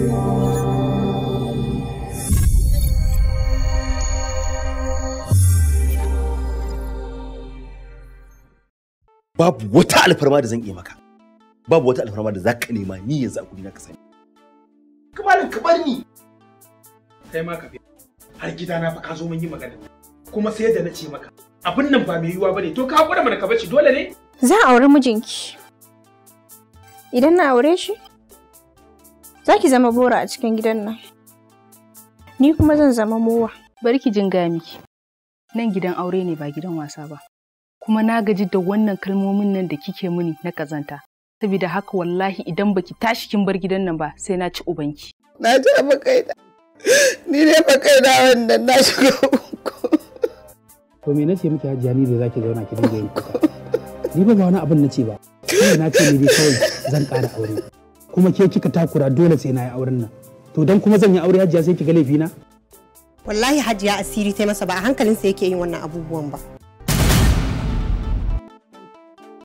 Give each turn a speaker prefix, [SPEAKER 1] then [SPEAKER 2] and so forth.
[SPEAKER 1] babu wata alfarma da zan iya maka babu wata alfarma da za ka nema ni yanzu a na ka sani
[SPEAKER 2] kamalan ka bar ni kai ma ka har gida na fa ka zo mun yi magana kuma sai da na ce maka abin nan ba mai yiwuwa bane to ka hakura mana ka bar shi dole ne
[SPEAKER 3] za a aure mijinki idan na aure shi Za ki zama bora a cikin gidan nan. Ni kuma zan zama mowa. Bari ki
[SPEAKER 4] jin gaya miki. Nan gidan aure ne ba gidan wasa ba. Kuma na gaji da wannan kalmomin nan da kike muni na kazanta. Saboda haka wallahi idan baki tashi kin bar gidan nan ba sai na ci ubanki. Na ji ba da Ni ne ba wannan na shiga ubanku.
[SPEAKER 5] To me nace miki hajiya ni da zaki zauna ki dinga yin kuka. Ni ba wani abin nace ba. Ni na ce ni dai kawai zan ƙara aure. kuma ke kika takura
[SPEAKER 6] dole sai na yi auren nan to dan kuma zan yi aure hajiya sai ki ga laifina
[SPEAKER 3] wallahi hajiya asiri ta masa ba a hankalin sai yake yin wannan abubuwan ba